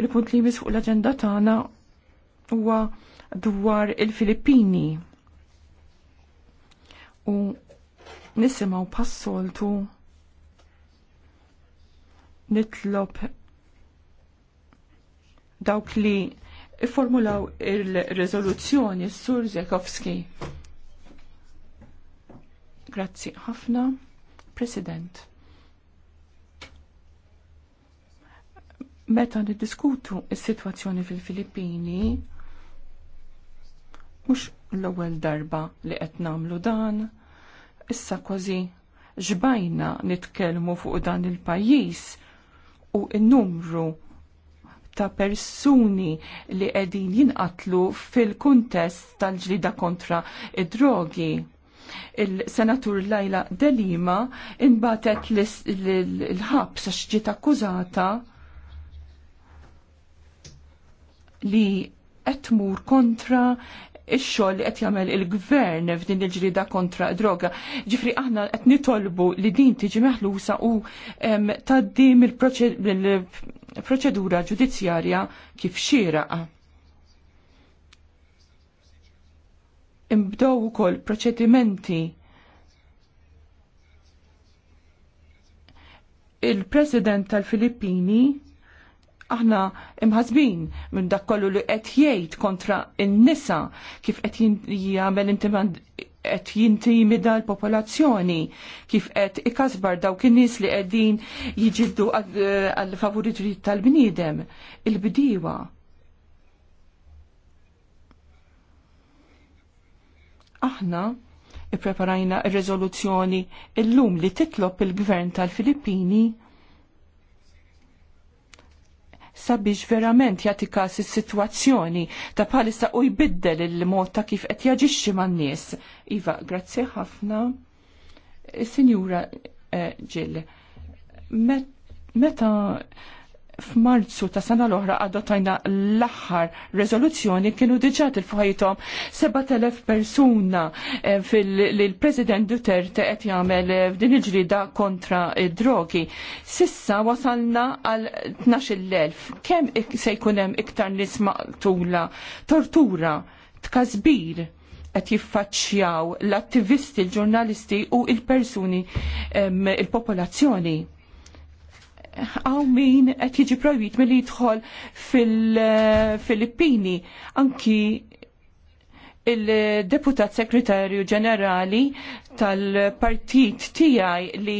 Il-punt li jmiss fuq l-agenda tagħna huwa dwar il-Filippini. U nisimgħu passoltu nitlob dawk li formulaw il-rezoluzzjoni s-sur Zekowski. Grazzi ħafna, President. Meta niddiskutu s-sitwazzjoni fil-Filippini, mhux l-ewwel darba li qed nagħmlu dan, issa kważi ġbajna nitkellmu fuq dan il-pajjiż u n-numru ta' persuni li qegħdin jinqatlu fil-kuntest tal-ġlida kontra id-drogi. Il-senatur Lajla Delima inbatet l-ħabs għax ġiet akkużata li qed tmur kontra ix-xogħol li qed jagħmel il-gvern f'din il-ġrida kontra droga. Ġifri aħna qed nitolbu li din tiġi meħlusa u tgħaddi mill-proċedura ġudizzjarja kif xieraq. Imbdow ukoll proċedimenti il-President tal-Filippini aħna imħazbin minn dak kollu li qed jgħid kontra n-nisa kif qed jagħmel qed jintimida l-popolazzjoni, kif qed ikasbar dawk in-nies li qegħdin jiġiddu għal favoritri tal-bniedem, il-bdiewa. Aħna ippreparajna r-rezoluzzjoni illum li titlob il-Gvern tal-Filippini sabiex verament jagħti s situazzjoni sitwazzjoni ta' bħalissa u jbiddel il-mod ta' kif qed jaġixxi man-nies. Iva, grazzi ħafna. Eh, Sinjura Ġill, eh, meta f'Marzu ta' sena l-oħra adottajna l-aħħar rezoluzzjoni kienu diġà il-fuħajtom 7000 persuna eh, fil-President Duterte qed jagħmel f'din eh, il-ġrida kontra id-drogi. Sissa wasalna għal 12,000. Kemm se jkun hemm iktar nies maqtula, tortura, tkażbir qed jiffaċċjaw l-attivisti, l-ġurnalisti u il-persuni ehm, il-popolazzjoni. il persuni il popolazzjoni il popolazzjoni għaw min qed jiġi projbit milli jidħol fil-Filippini. Anki il-deputat segretarju ġenerali tal-partit tiegħi li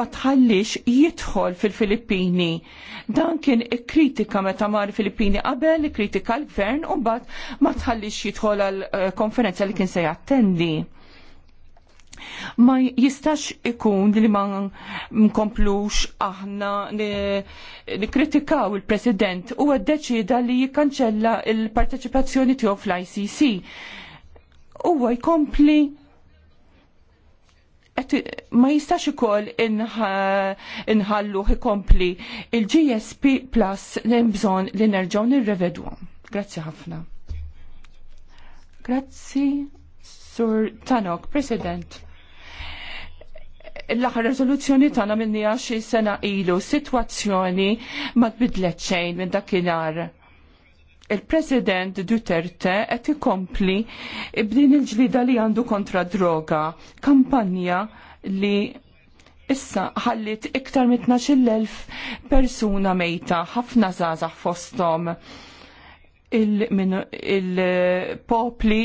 ma tħallix jidħol fil-Filippini. Dan kien kritika meta mar filippini qabel, kritika l-gvern, u mbagħad ma tħallix jidħol għal eh, konferenza li kien se jattendi Ma jistax ikun li ma nkomplux aħna nikritikaw il-President u għaddeċida li jikkanċella il-parteċipazzjoni tiegħu fl-ICC. Huwa jkompli ma jistax ukoll inħallu ikompli il-GSP Plus li bżonn li nerġgħu nirrevedu. Grazzi ħafna. Grazzi, Sur Tanok, President l-aħħar rezoluzzjoni tagħna minni xi sena ilu sitwazzjoni ma tbidlet xejn minn dakinhar. Il-President Duterte qed ikompli b'din il-ġlida li għandu kontra droga, kampanja li issa ħallit iktar minn elf persuna mejta, ħafna zazax fosthom il-popli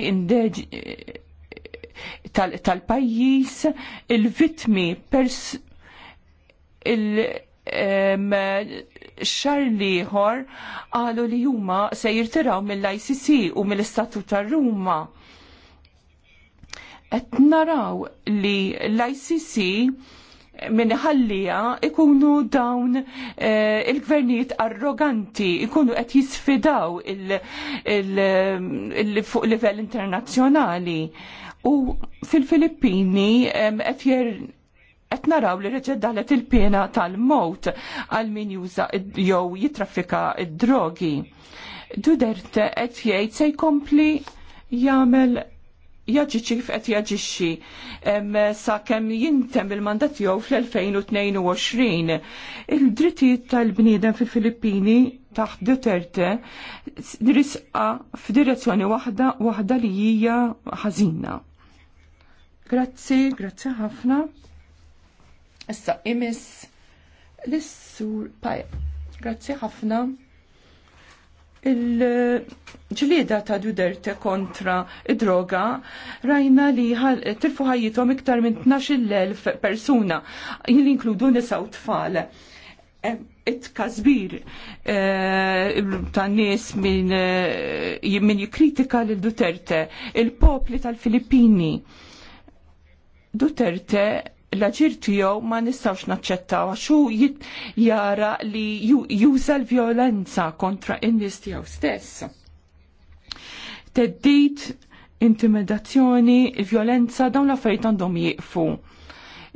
il, il tal-pajjiż, tal pajjiż il vitmi pers il- xar liħor għalu li juma se jirtiraw mill-ICC u mill-Istatu tar Ruma. Et naraw li l-ICC minn ħallija ikunu dawn eh, il-gvernijiet arroganti, ikunu qed jisfidaw fuq livell internazzjonali. U fil-Filippini qed qed naraw li reġeddalet il-pena tal-mot għal min juża jew jitraffika id-drogi. Duderte qed jgħid se jkompli jagħmel jaġi ċif qed jaġixxi kemm jintem il-mandat jew fl-2022. Il-drittijiet tal-bniedem fil-Filippini taħt Duterte risqa f'direzzjoni waħda waħda li hija ħażina. Grazzi, grazzi ħafna. Issa imis l-sur paj. Grazzi ħafna. Il-ġlieda ta' Duderte kontra id-droga rajna li tilfu ħajjithom iktar minn 12.000 persuna, jil inkludu nisa u tfal it-kazbir eh, ta' nies minn eh, jikritika l-Duterte, il-popli tal-Filippini Duterte l-aġir tiegħu ma nistgħux naċċettaw għaxu jara li juża l-vjolenza kontra in-nies tiegħu stess. Teddit, intimidazzjoni, vjolenza dawn l-affarijiet għandhom jieqfu.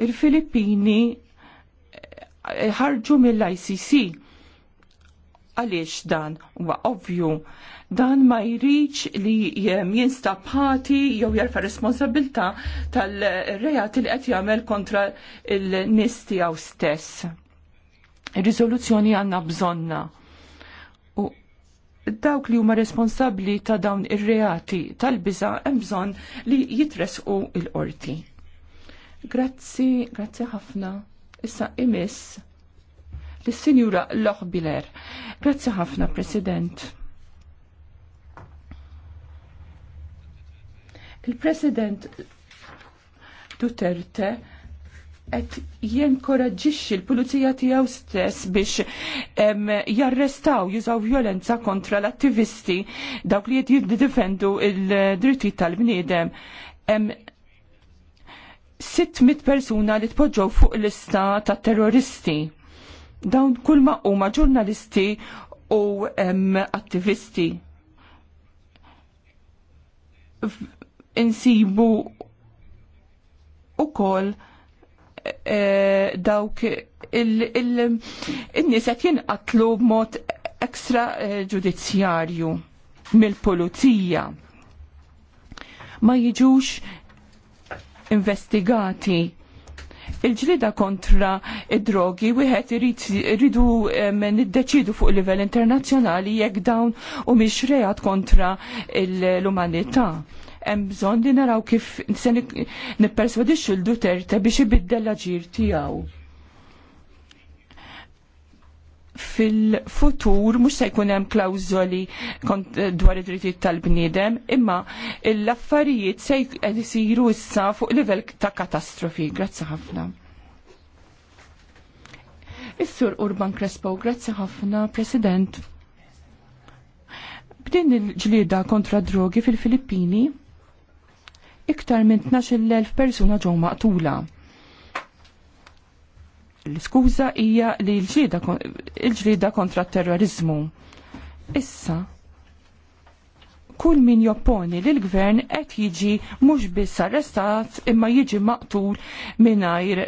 Il-Filippini eh, ħarġu mill-ICC Għaliex dan huwa ovvju, dan ma jriċ li jinstab ħati jew jarfa responsabilta tal-rejat li qed jagħmel kontra l-nies tiegħu stess. Ir-riżoluzzjoni għandna bżonna. U dawk li huma responsabbli ta' dawn ir-reati tal-biża' hemm bżonn li jitresqu l-qorti. Grazzi, grazzi ħafna. Issa imiss l sinjura Loħbiler. Grazzi ħafna, President. Il-President Duterte qed jenkoraġġixxi l-pulizija tiegħu stess biex jarrestaw jużaw violenza kontra l-attivisti dawk li qed jiddifendu il-drittijiet tal-bniedem. 600 persuna li tpoġġow fuq lista ta' terroristi dawn kull ma huma ġurnalisti u attivisti. Insibu u e, dawk il-nies qed jinqatlu b'mod ekstra ġudizzjarju mill-pulizija. Ma jiġux investigati il-ġlida kontra id-drogi wieħed iridu niddeċidu fuq livell internazzjonali jekk dawn u miex reat kontra l-umanità. Hemm bżonn li naraw kif se nipperswadixxu l-Duterte biex ibiddel l-aġir tiegħu fil-futur mhux se jkun hemm klawżoli dwar id-drittijiet tal-bniedem, imma l-affarijiet se jsiru issa fuq livell ta' katastrofi. Grazzi ħafna. Is-Sur Urban Crespo, grazzi ħafna, President. B'din il-ġlieda kontra drogi fil-Filippini, iktar minn 12.000 persuna ġew maqtula l skuza hija li l-ġrida kontra t terrorizmu. Issa, kull min jopponi li l-gvern qed jiġi mhux biss arrestat imma jiġi maqtul mingħajr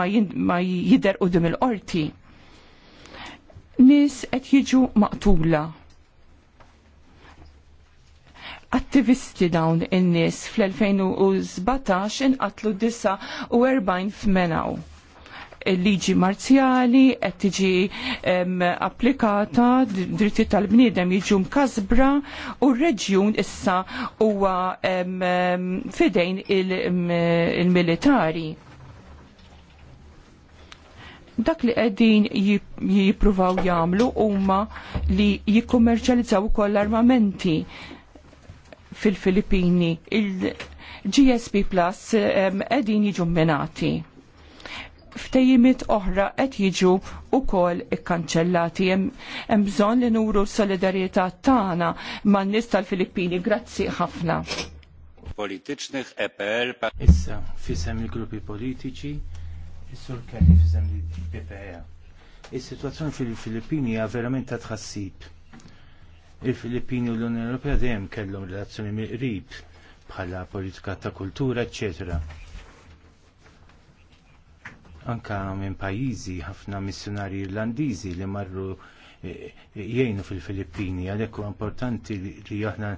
ma u dim il-qorti. Nis qed jiġu maqtula. Attivisti dawn in-nies fl-2017 inqatlu disa u 40 f'Menaw liġi marzjali qed tiġi applikata dritti tal-bniedem jiġu mkasbra u r-reġjun issa huwa fidejn il-militari. Dak li qegħdin jippruvaw jagħmlu huma li jikkummerċjalizzaw ukoll l armamenti fil-Filippini. Il-GSP Plus qegħdin jiġu menati ftejjimiet oħra qed jiġu wkoll ikkanċellati. Hemm bżonn li nuru s-solidarjetà tagħna man-nies tal-Filippini. Grazzi ħafna. Politiċnih EPL Issa fisem il-gruppi politiċi is-sur Kelly fisem il ppa e Is-sitwazzjoni fil-Filippini hija verament ta' tħassib. Il-Filippini u l-Unjoni Ewropea dejjem kellhom relazzjoni miqrib bħala politika ta' kultura, eċċetera anka minn pajjiżi ħafna missjonari irlandiżi li marru e, e, jgħinu fil-Filippini, għalhekk huwa importanti li aħna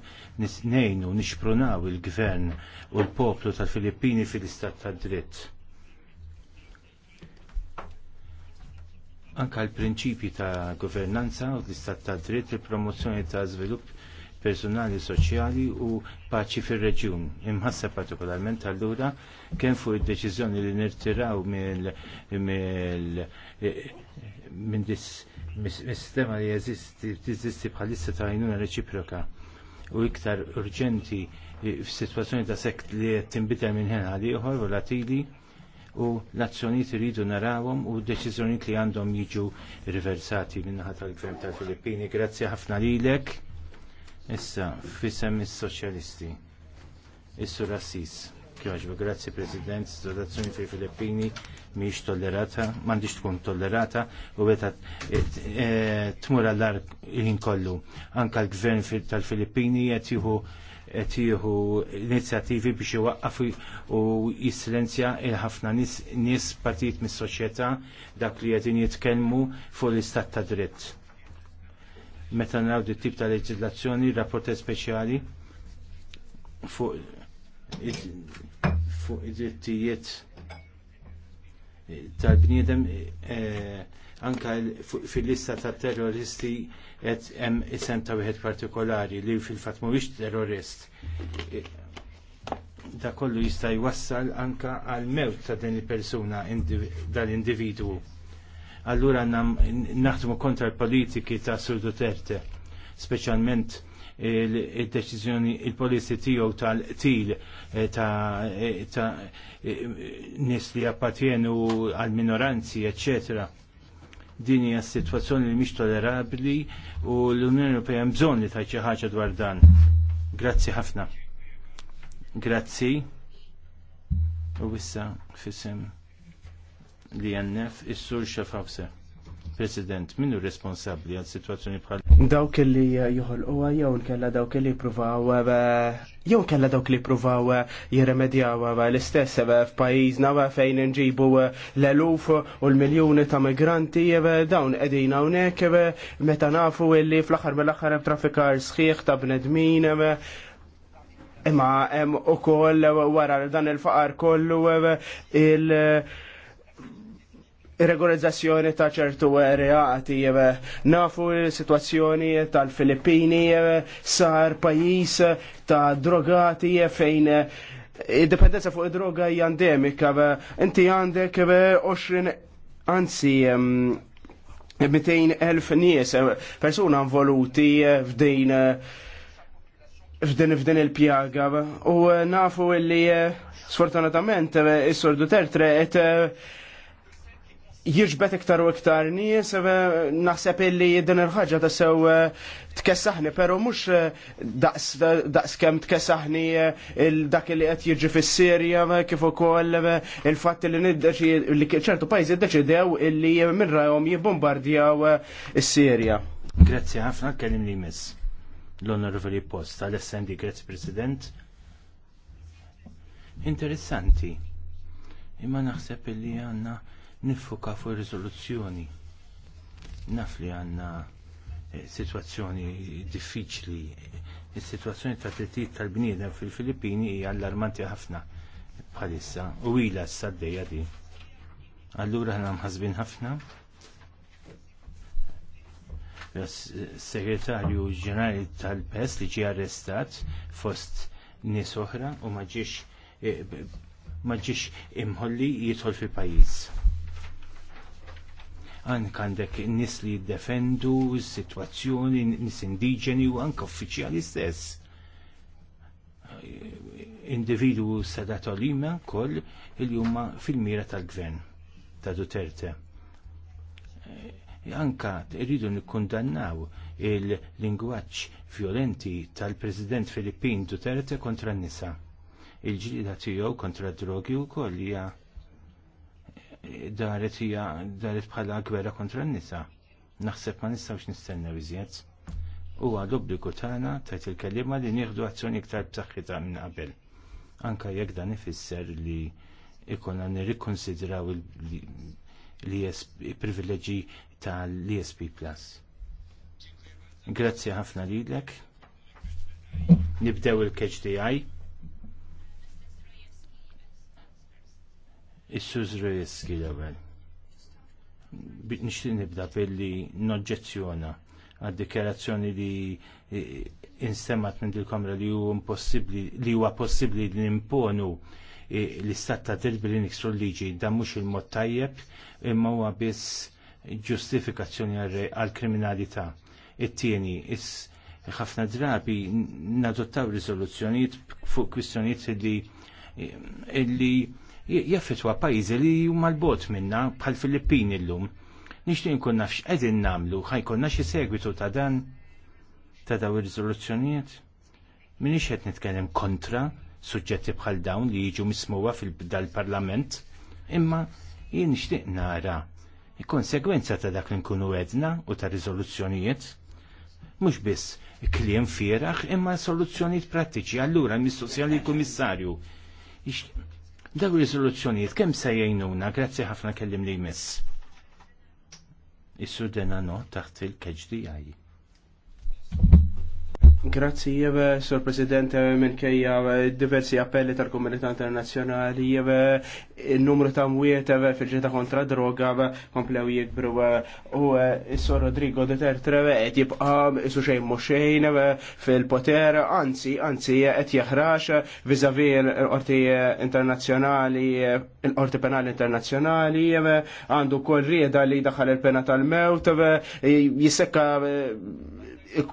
nisnejnu, nixprunaw il-gvern u l-poplu tal-Filippini fil-istat tad dritt. Anka l-prinċipji ta' governanza u l-istat tad dritt, il-promozzjoni ta' żvilupp personali soċjali u paċi fir-reġjun. Imħassa partikolarment allura kemm fuq id-deċiżjoni li nirtiraw minn sistema li jeżisti bħalissa ta' għajnuna reċiproka u iktar urġenti f'sitwazzjoni ta' sekt li qed tinbidel minn ħen għal u volatili u l-azzjonijiet iridu narawhom u d-deċiżjonijiet li għandhom jiġu riversati minnaħa tal-Gvern tal-Filippini. Grazzi ħafna lilek. Issa, fisem is-soċjalisti. Issu Rassis, Assis. grazzi President, situazzjoni fil Filippini miex tollerata, mandiġ tkun tollerata u beta e, tmur għallar il-ħin kollu. Anka l-gvern tal-Filippini qed jieħu qed inizjattivi biex iwaqqaf u jissilenzja il-ħafna nies partit mis-soċjetà dak li qegħdin jitkellmu fuq l-istat ta' dritt meta naraw di tip ta' leġislazzjoni, rapporti speċjali fuq id-drittijiet eh, tal-bniedem eh, anka fil-lista ta' terroristi qed hemm isem ta' wieħed partikolari li fil-fatt mhuwiex terrorist. Eh, da kollu jista' jwassal anka għal mewt ta' din il-persuna dal-individwu allura naħdmu kontra l-politiki ta' Surdu Terte, speċjalment il-deċizjoni il-polisi tiegħu tal til eh, ta' eh, eh, nies li appartienu għal minoranzi, eccetera din hija situazzjoni li mhix tolerabli u l-Unjoni Ewropea bżonn li tgħid xi ħaġa dwar dan. Grazzi ħafna. Grazzi. U wissa fisem DNF, is-sur xafafse. President, minnu responsabli għal situazzjoni bħal? Dawk li eh, juħol uwa, jew kella dawk li provaw, eh, jew kella dawk li provaw eh, jiremedjaw l-istess f'pajjiżna fejn nġibu l-eluf u l miljuni ta' migranti, dawn qegħdin hawnhekk meta nafu li fl aħħar mill aħħar traffikar sħiħ ta' bnedmin, imma u ukoll wara dan il-faqar kollu il- regolizzazzjoni ta' ċertu reati. Eh, nafu situazzjoni tal-Filippini eh, sar pajis eh, ta' drogati fejn id-dependenza fuq id-droga hija endemika. Inti għandek 20 anzi 200.000 nies persuna involuti f'din f'din f'din il-pjaga u nafu illi sfortunatament is-sordu tertre et jirġbet iktar u iktar nies, eh, naħseb illi din il-ħagġa ta' sew eh, tkessaħni, pero mux eh, daqs kem tkessaħni dak li qed jiġi fis-Sirja kif ukoll il-fatt li li ċertu pajjiżi ddeċidew illi minn rajhom jibbombardjaw is-Sirja. Grazzi ħafna kellim li miss. l onorvoli Post, għal essendi grazzi President. Interessanti. Imma naħseb illi għanna Nifuka fuq ir-riżoluzzjoni. Naf li għandna eh, situazzjoni diffiċli. Is-situazzjoni ta' trittijiet tal-bniedem fil-Filippini hija allarmanti ħafna bħalissa u ila s-saddejja di. Allura ħna mħazbin ħafna. Eh, segretarju ġenerali tal-PES li ġie arrestat fost nies oħra u ma ġiex eh, imħolli jidħol fil-pajjiż anka għandek nis li jiddefendu s-situazzjoni, nis indiġeni u għank uffiċjali stess. Individu sedatolima koll il jumma fil-mira tal-gvern ta' Duterte. E, anka rridu nikkundannaw il-lingwaġġ violenti tal-President Filippin Duterte kontra n-nisa. Il-ġilida tiegħu kontra d-drogi u koll hija daret hija daret bħala gwerra kontra n-nisa. Naħseb ma nistgħux nistennew iżjed. Huwa l-obbligu tagħna tajt il-kelliema li nieħdu azzjoni iktar b'saħħitha minn qabel. Anka jekk dan ifisser li ikolna nirrikkonsidraw il-privileġġi tal-ESP Plus. Grazzi ħafna lilek. Nibdew il-KHDI. Is-suż riski l-ewwel. Nixtieq nibda billi noġġezzjona għad dikjarazzjoni li e, insemmat minn dil-Kamra li huwa impossibbli li huwa possibbli li nimponu e, l-istat ta' dirbi li niksru liġi dan mhux il-mod tajjeb imma huwa biss ġustifikazzjoni għall kriminalità It-tieni is ħafna drabi nadottaw riżoluzzjonijiet fuq kwistjonijiet li illi e, jaffetwa pajjiżi li huma l-bot minna bħal Filippini llum. Nixtieq nkun naf x'qegħdin nagħmlu, ħajkollna xi segwitu ta' dan ta' daw ir-riżoluzzjonijiet. Minix qed nitkellem kontra suġġetti bħal dawn li jiġu mismuwa fil-dal-parlament, imma jien nixtieq nara il-konsegwenza ta' dak li nkunu edna u ta' riżoluzzjonijiet mux biss kliem firax imma soluzzjonijiet prattiċi. Allura, mistoqsija li kummissarju Daw riżoluzzjonijiet kemm se jgħinuna, grazzi ħafna kellim li jmiss. Is-sudena no taħt il-keġdijaj. Grazzi, jeve, Sur President, eh, minn kejja eh, diversi appelli tal-komunità internazjonali, jeve, il-numru eh, ta' mwiet fil-ġeta kontra droga komplew jikbru u Sur Rodrigo Duterte qed jibqa' isu xejn muxejn, fil-poter, anzi, anzi qed jaħrax vizavi l-qorti internazjonali, l-qorti penali internazzjonali, għandu kol rieda li daħal il-pena tal-mewt, jisekka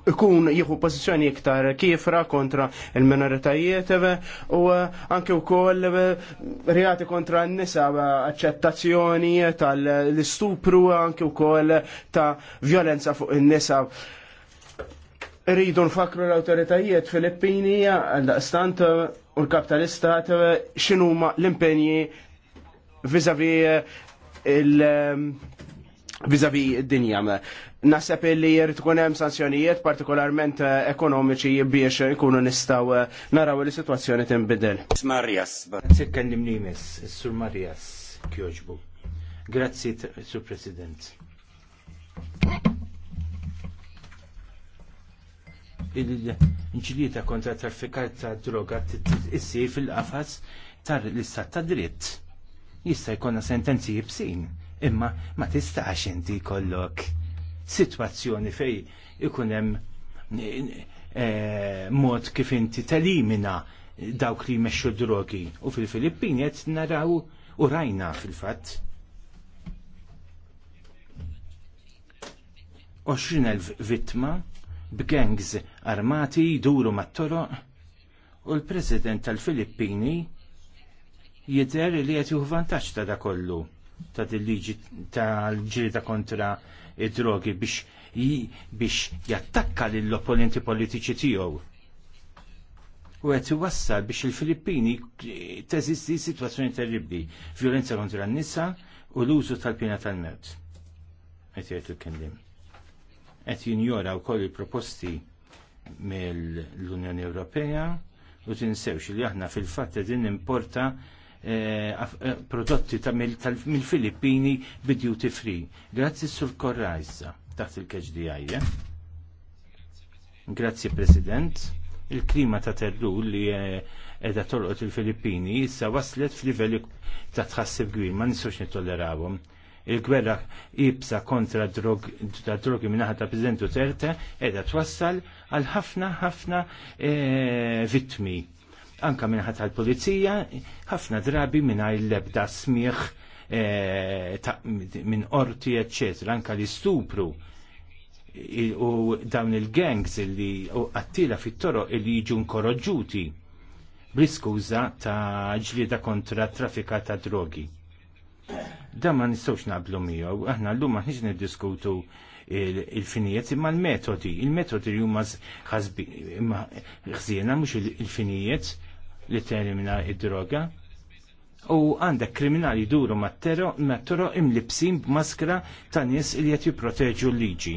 ikun jieħu pożizzjoni iktar kifra kontra il-minoritajiet eh, u eh, anke wkoll eh, reati kontra n-nisa aċċettazzjoni tal-istupru anke wkoll ta' violenza fuq in-nisa rridu nfakru l-autoritajiet Filippini għal-daqstant u l kapitalista tal-istat xinuma l-impenji vizavi il- vizavi d-dinja. Nasab li jirrit kunem sanzjonijiet partikolarment eh, ekonomiċi biex ikunu nistaw eh, naraw li situazzjoni timbidel. Marjas. Sekkan li mnimis, Sur Marjas Kjoġbu. Grazzi, Sur President. Il-ġlieta kontra traffikar ta' droga t-issi fil-qafas tar l-istat ta' dritt. Jista' jkollna sentenzi jibsin Imma ma tistax inti kollok situazzjoni fej ikun hemm eh, mod kif inti telimina dawk li jmexxu drogi. U fil-Filippini qed naraw u rajna fil-fatt. 20.000 vittma b'gangs armati jduru mat-toroq u l-President tal-Filippini jidher li qed juhu vantaġġ ta' da kollu ta' dil-liġi tal-ġirida kontra id-drogi biex biex jattakka lill-opponenti politiċi tiegħu. U qed iwassal biex il-Filippini teżisti sitwazzjoni terribbli, violenza kontra n-nisa u l-użu tal-pina tal-mewt. Qed jgħid il-kellim. Qed jinjora wkoll il-proposti mill-Unjoni Ewropea u tinsewx li aħna fil-fatt din importa Eh, eh, prodotti mill-Filippini bid-duty free. Grazzi sur Korrajza taħt il-KHDI. Eh? Grazzi President. Il-klima ta' terru li edha tolqot il-Filippini issa waslet f'livelli ta' tħassib gwir, ma nistgħux nittollerawhom il-gwerra ibsa kontra drogi minnaħa ta' President Terte edha twassal għal ħafna ħafna vittmi anka minħat tal-polizija, ħafna drabi minna l-ebda smieħ eh, minn orti, eccetera, anka li stupru u dawn il-gangs li u għattila fit-toro li jiġu nkoroġuti bl-iskuża ta' ġlieda kontra trafika ta' drogi. Da ma nistgħux naqblu miegħu, aħna llum ma ħniġ niddiskutu il-finijiet imma l-metodi. Il-metodi li huma ħsiena mhux il-finijiet li termina id-droga u għandek kriminali duru mat-toro imlibsin b'maskra ta' nies li qed jipproteġu l-liġi.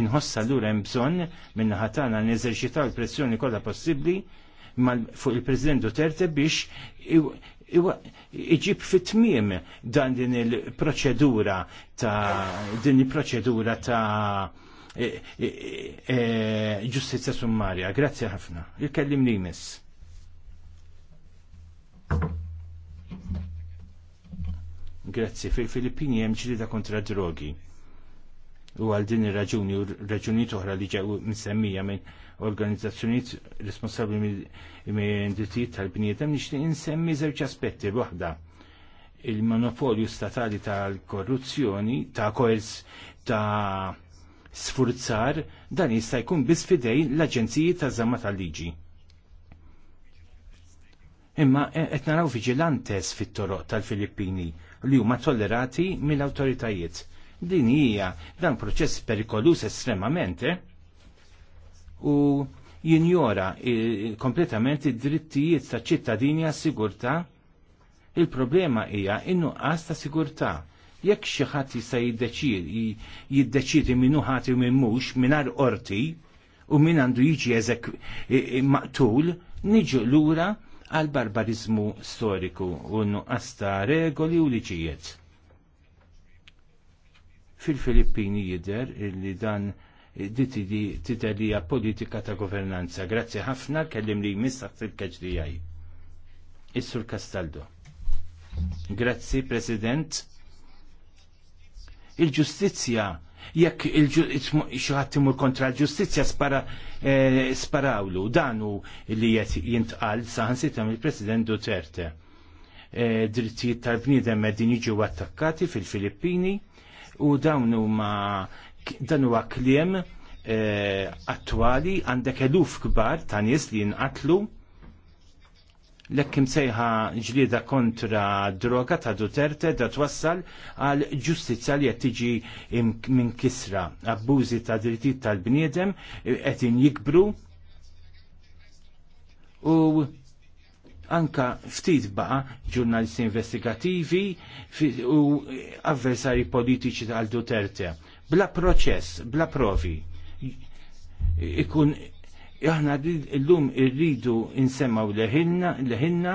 Inħossa l hemm bżonn minna ħatana neżerċitaw l pressjoni kollha possibbli fuq il-President Duterte biex iġib fit-tmiem dan din il-proċedura ta' din il-proċedura ta' e- e- e- ġustizja summarja. Grazzi ħafna. Il-kellim li jmiss. Grazzi, fil-Filippini hemm ġrida kontra drogi. U għal din ir-raġuni u raġuni oħra li ġew msemmija minn organizzazzjonijiet responsabbli minn drittijiet tal-bniedem nixtieq insemmi żewġ aspetti waħda il-monopolju statali tal-korruzzjoni ta' koers ta' sfurzar dan jista' jkun biss fidejn l-Aġenziji ta' Zamma tal-Liġi. Imma qed naraw viġilantes fit-toroq tal-Filippini li huma tollerati mill-awtoritajiet. Din hija dan proċess perikolus estremament e? u jinjora e, kompletament id-drittijiet ta' ċittadini għas sigurtà Il-problema hija in-nuqqas ta' sigurtà. Jekk xi ħadd jista' jiddeċidi minnu ħati u minn mhux mingħajr qorti u min għandu jiġi eżek e, maqtul, niġu lura għal barbarizmu storiku u nuqasta regoli u liġijiet. Fil-Filippini jider li dan ditidi titalija politika ta' governanza. Grazzi ħafna kellim li jmissaħt il-keġrijaj. Is-Sur Castaldo. Grazzi, President. Il-ġustizja jekk xaħat timur kontra l-ġustizja eh, sparawlu, danu li jett jintqal saħan sitam il-President Duterte. Eh, drittijiet tal-bniedem meddin jiġu attakkati fil-Filippini u dawn huma danu għakliem kliem eh, attwali għandek eluf kbar ta' nies li jinqatlu l-ekkim sejħa ġlida kontra droga ta' Duterte da twassal għal ġustizja li qed tiġi minn kisra. Abbużi ta' drittijiet tal-bniedem e, qed jikbru u anka ftit baqa ġurnalisti investigativi u avversari politiċi tal Duterte. Bla proċess, bla provi. Ikun aħna lum irridu insemmaw leħinna leħinna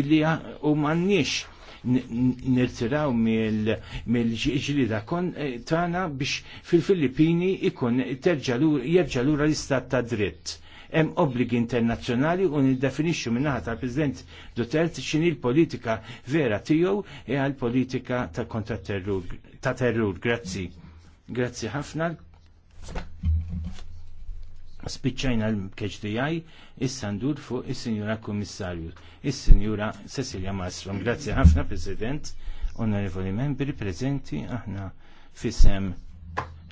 illi u m'għandniex nirtiraw mill da kon eh, tana biex fil-Filippini ikun jerġa' lura l-istat ta' dritt. Hemm obbligi internazzjonali u niddefinixxu minnaħa ta' president Duterte x'inhi l-politika vera tiegħu e għal politika ta' kontra terrur ta' terrur. Grazzi. Grazzi ħafna spiċċajna l-KHDI, issa sandur fuq is-Sinjura Kommissarju, is-Sinjura Cecilia Mastrom. Grazzi ħafna, President, onorevoli membri prezenti, aħna fissem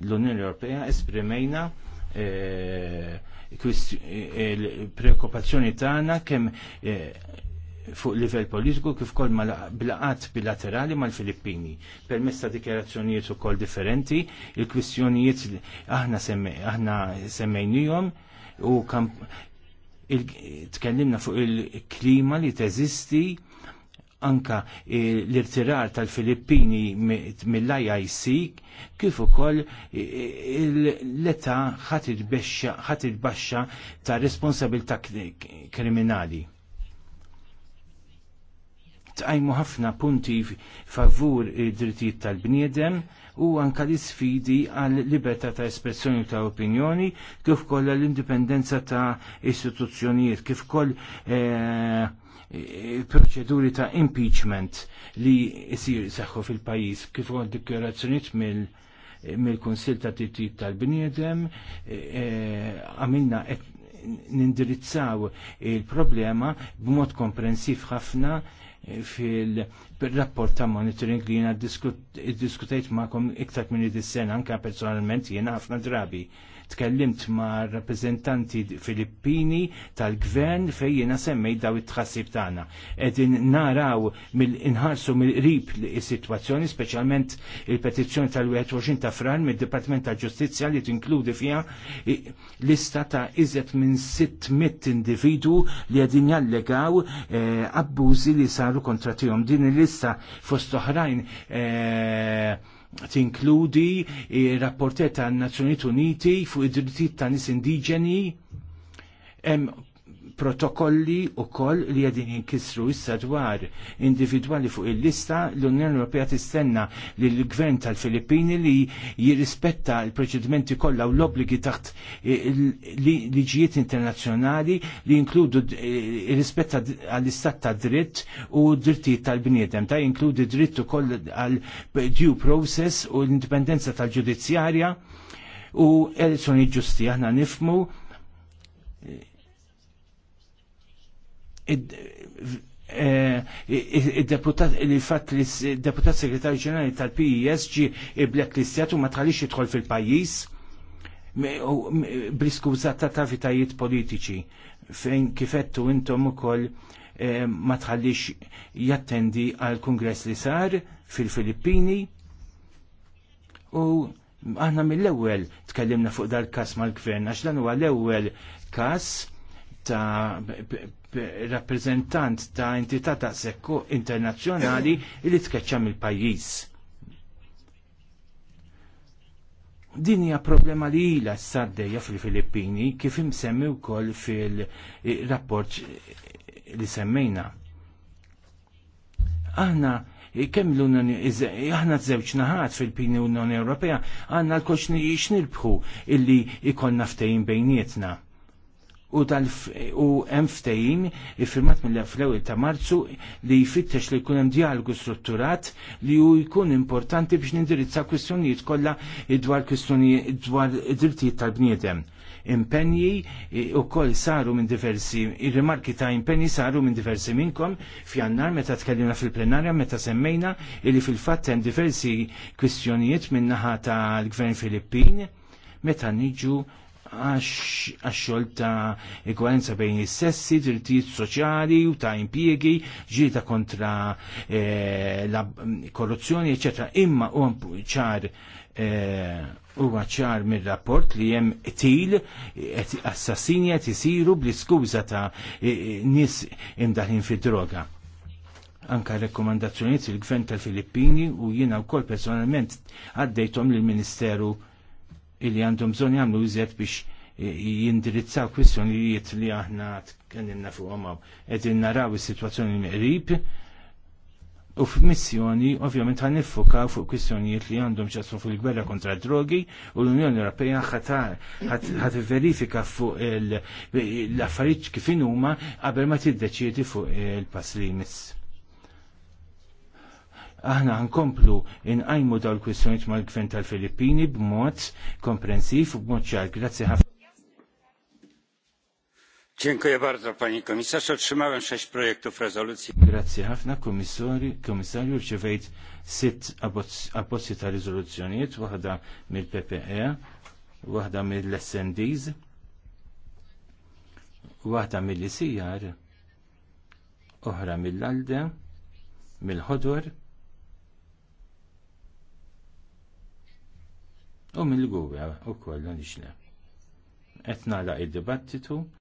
l-Unjoni Ewropea esprimejna eh, il-preokkupazzjoni eh, tagħna kemm eh, fuq livell politiku kif kol blaqat bilaterali mal-Filippini. Permess ta' dikjarazzjonijiet ukoll differenti, il-kwistjonijiet aħna semme, aħna semmejnijom u kam tkellimna fuq il-klima li teżisti anka eh, l-irtirar tal-Filippini mill-IIC kif ukoll eh, l-età ħadd baxxa ta' responsabilità kriminali tqajmu ħafna punti favur id-drittijiet tal-bniedem u anka l sfidi għal libertà ta' espressjoni ta' opinjoni kif koll l-indipendenza ta' istituzzjonijiet, kif koll eh, proċeduri ta' impeachment li jisir saħħu fil-pajis kif koll dikjerazzjoniet mill mill-Konsil ta' Tittit tal-Bniedem eh, għamilna nindirizzaw il-problema b'mod komprensiv ħafna fil-rapport ta' monitoring li jena diskutajt kom iktar minn id-sena anka personalment jena ħafna drabi tkellimt ma' rappresentanti Filippini tal-gvern fejn jiena semmejt daw it-tħassib tagħna. Qegħdin naraw mill-inħarsu mill-qrib is-sitwazzjoni, speċjalment il-petizzjoni tal-21 ta' Fran mid-Dipartiment tal-Ġustizzja li tinkludi fiha lista ta' iżet minn 600 individu li qegħdin jallegaw eh, abbużi li saru kontra tihom. Din il-lista fost oħrajn eh, tinkludi rapportet tan Nazzjonijiet Uniti fuq id-drittijiet tan nies indiġeni protokolli u koll li għedin jinkisru issa dwar individuali fuq il-lista l-Unjoni Ewropea tistenna li l-Gvern tal-Filippini li jirrispetta l-proċedimenti kollha u l-obbligi taħt eh, liġijiet internazzjonali li jinkludu jirrispetta eh, għall-istat ta' dritt u drittijiet tal-bniedem. Ta' jinkludi dritt ukoll għal due process u l-indipendenza tal-ġudizzjarja u elezzjoni ġusti aħna nifmu il-deputat eh, li fatt li deputat segretarju ġenerali tal-PIS e ġi blacklistjat u ma tħalix jitħol fil-pajjiż bl-iskuża ta' tavitajiet politiċi fejn kifettu intom ukoll eh, ma tħallix jattendi għal kongress li sar fil-Filippini u aħna mill-ewwel tkellimna fuq dal-każ mal-gvern għax dan huwa l-ewwel każ ta' rappresentant ta' entità ta' sekku internazzjonali li tkeċċa mill-pajjiż. Din hija problema li ilha s-saddeja fil-Filippini kif imsemmi wkoll fil-rapport li semmejna. Aħna kemm l-Unjoni, aħna żewġ naħat fil-Pini Unjoni Ewropea, għandna l koċni nirbħu illi ikonna ftejn bejnietna u hemm ftehim iffirmat mill-ewwel ta' Marzu li jfittex li jkun hemm dialogu strutturat li hu jkun importanti biex nindirizza kwistjonijiet kollha dwar kwistjonijiet dwar id-drittijiet tal-bniedem. Impenji eh, u koll saru minn diversi, ir-rimarki ta' impenji saru minn diversi minnkom f'jannar meta tkellimna fil-plenarja meta semmejna li fil-fatt hemm diversi kwistjonijiet min-naħa tal-Gvern Filippin meta niġu għax-xogħol ta' ikwalenza bejn is-sessi, drittijiet soċjali u ta' impjiegi, ġieta kontra eh, la korruzzjoni, eċetera. Imma u ċar eh, huwa ċar mir-rapport li hemm til assassini qed isiru bl-iskuża ta' eh, nies imdaħlin fid-droga anka rekomandazzjoniet il-Gvern tal-Filippini u jiena wkoll personalment għaddejtom lill-Ministeru illi għandhom bżonn jagħmlu iżjed biex jindirizzaw kwistjonijiet li aħna tkellimna fuqhom hawn. Qegħdin naraw is-sitwazzjoni qrib u f'missjoni ovvjament ħan nifokaw fuq kwistjonijiet li għandhom x'jasru fuq il-gwerra kontra drogi u l-Unjoni Ewropea ħat verifika fuq l-affarijiet kif huma qabel ma tiddeċiedi fuq il-pass li jmiss aħna nkomplu inqajmu dawn l-kwistjoniet mal-Gvern tal-Filippini b'mod komprensiv u b'mod ċar. Grazzi ħafna. Dziękuję bardzo pani komisarz. Otrzymałem sześć projektów rezolucji. Grazie ħafna komisarju rċevejt sitt abbozzi ta' riżoluzzjonijiet, waħda mill-PPE, waħda mill-SNDs, waħda mill-ICR, oħra mill-ALDE, mill-ħodor, u mill-gura u kollu nixle. Etna la id-dibattitu